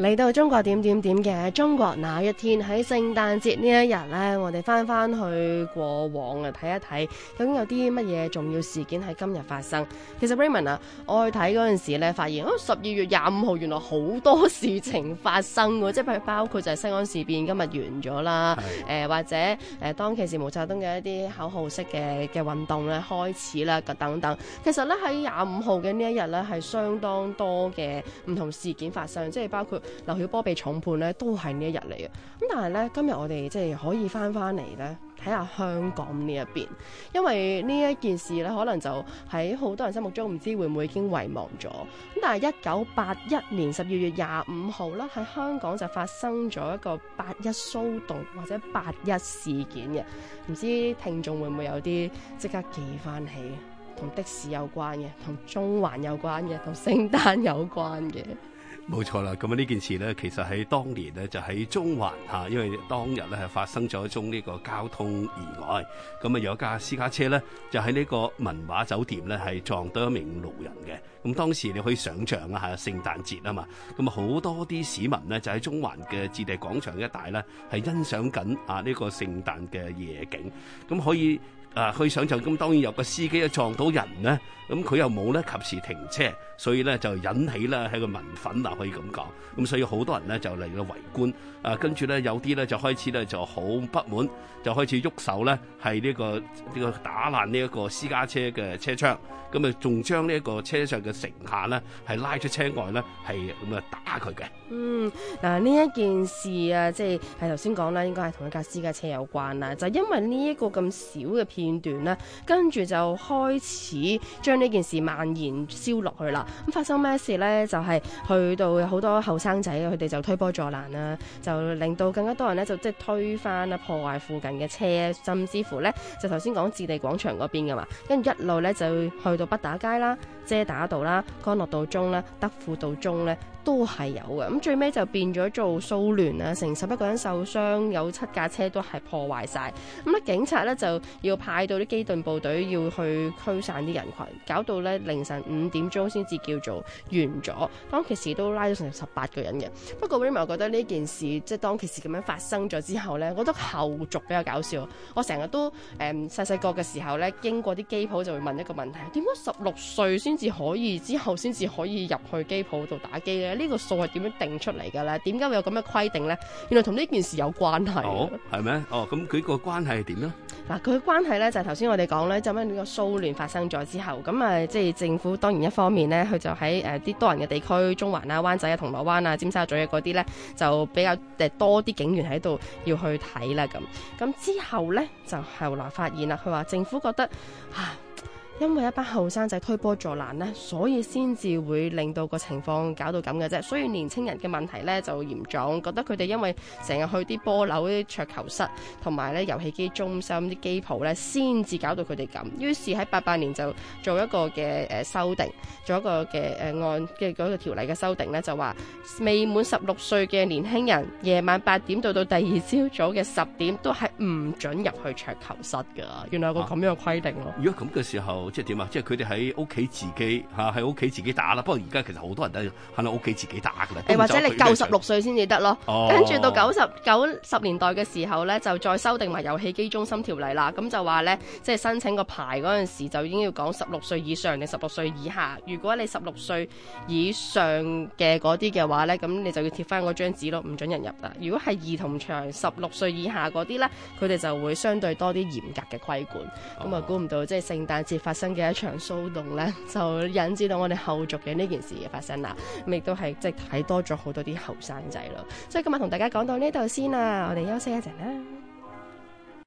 嚟到中國點點點嘅中國，那一天喺聖誕節呢一日咧，我哋翻翻去過往啊睇一睇，究竟有啲乜嘢重要事件喺今日發生？其實 Raymond 啊，我去睇嗰陣時咧，發現啊十二月廿五號原來好多事情發生喎，即係包括就係西安事變今日完咗啦的、呃，或者誒、呃、當其時毛澤東嘅一啲口號式嘅嘅運動咧開始啦等等。其實咧喺廿五號嘅呢一日咧係相當多嘅唔同事件發生，即係包括。劉曉波被重判咧，都係呢一日嚟嘅。咁但係咧，今日我哋即係可以翻翻嚟咧，睇下香港呢一邊，因為呢一件事咧，可能就喺好多人心目中唔知會唔會已經遺忘咗。咁但係一九八一年十二月廿五號咧，喺香港就發生咗一個八一騷動或者八一事件嘅。唔知聽眾會唔會有啲即刻記翻起，同的士有關嘅，同中環有關嘅，同聖誕有關嘅。冇錯啦，咁啊呢件事咧，其實喺當年咧就喺中環嚇，因為當日咧係發生咗一宗呢個交通意外，咁啊有一架私家車咧就喺呢個文華酒店咧係撞到一名路人嘅。咁當時你可以想像啊吓，聖誕節啊嘛，咁啊好多啲市民咧就喺中環嘅置地廣場一帶咧係欣賞緊啊呢個聖誕嘅夜景，咁可以。啊，可以想象咁，當然有個司機咧撞到人呢。咁佢又冇咧及時停車，所以咧就引起啦喺個民憤啦，可以咁講。咁所以好多人呢就嚟到圍觀，啊，跟住咧有啲咧就開始咧就好不滿，就開始喐手咧，係呢個呢個打爛呢一個私家車嘅車窗，咁啊仲將呢一個車上嘅乘客呢係拉出車外呢，係咁啊打佢嘅。嗯，嗱呢一件事啊，即係係頭先講啦，應該係同一架私家車有關啦，就因為呢一個咁小嘅片段啦，跟住就開始將呢件事蔓延燒落去啦。咁發生咩事咧？就係去到好多後生仔佢哋就推波助瀾啦，就令到更加多人咧就即係推翻啊，破壞附近嘅車，甚至乎咧就頭先講置地廣場嗰邊噶嘛，跟住一路咧就去到北打街啦、遮打道啦、干樂道中啦、德輔道中咧，都係有嘅。咁最尾就變咗做騷亂啊，成十一個人受傷，有七架車都係破壞晒，咁啊警察咧就要帶到啲機動部隊要去驅散啲人群，搞到咧凌晨五點鐘先至叫做完咗。當其時都拉咗成十八個人嘅。不過 William 覺得呢件事即係當其時咁樣發生咗之後咧，我覺得後續比較搞笑。我成日都誒細細個嘅時候咧，經過啲機鋪就會問一個問題：點解十六歲先至可以之後先至可以入去機鋪度打機咧？呢個數係點樣定出嚟㗎咧？點解會有咁嘅規定咧？原來同呢件事有關係哦。哦，係咩？哦，咁佢個關係係點咧？嗱，佢嘅關係。咧就係頭先我哋講咧，就因為呢個騷亂發生咗之後，咁啊即係政府當然一方面咧，佢就喺誒啲多人嘅地區，中環啊、灣仔啊、銅鑼灣啊，尖沙咀嗰啲咧，就比較誒多啲警員喺度要去睇啦咁。咁之後咧就後來發現啦，佢話政府覺得啊。因為一班後生仔推波助瀾呢，所以先至會令到個情況搞到咁嘅啫。所以年輕人嘅問題呢就嚴重，覺得佢哋因為成日去啲波樓、啲桌球室同埋呢遊戲機中心、啲機鋪呢，先至搞到佢哋咁。於是喺八八年就做一個嘅、呃、修訂，做一個嘅誒、呃、案嘅嗰個條例嘅修訂呢，就話未滿十六歲嘅年輕人夜晚八點到到第二朝早嘅十點都係唔准入去桌球室㗎。原來有個咁樣嘅規定咯、啊。如果咁嘅時候，即係點啊？即係佢哋喺屋企自己吓，喺屋企自己打啦。不過而家其實好多人都喺屋企自己打噶啦。或者你夠十六歲先至得咯。跟住、哦、到九十九十年代嘅時候呢，就再修訂埋遊戲機中心條例啦。咁就話呢，即係申請個牌嗰陣時，就已經要講十六歲以上定十六歲以下。如果你十六歲以上嘅嗰啲嘅話呢，咁你就要貼翻嗰張紙咯，唔准人入啦。如果係兒童場，十六歲以下嗰啲呢，佢哋就會相對多啲嚴格嘅規管。咁啊，估唔到即係聖誕節發生。新嘅一場騷動咧，就引致到我哋後續嘅呢件事嘅發生啦。咁亦都係即係睇多咗好多啲後生仔咯。所以今日同大家講到呢度先啦，我哋休息一陣啦。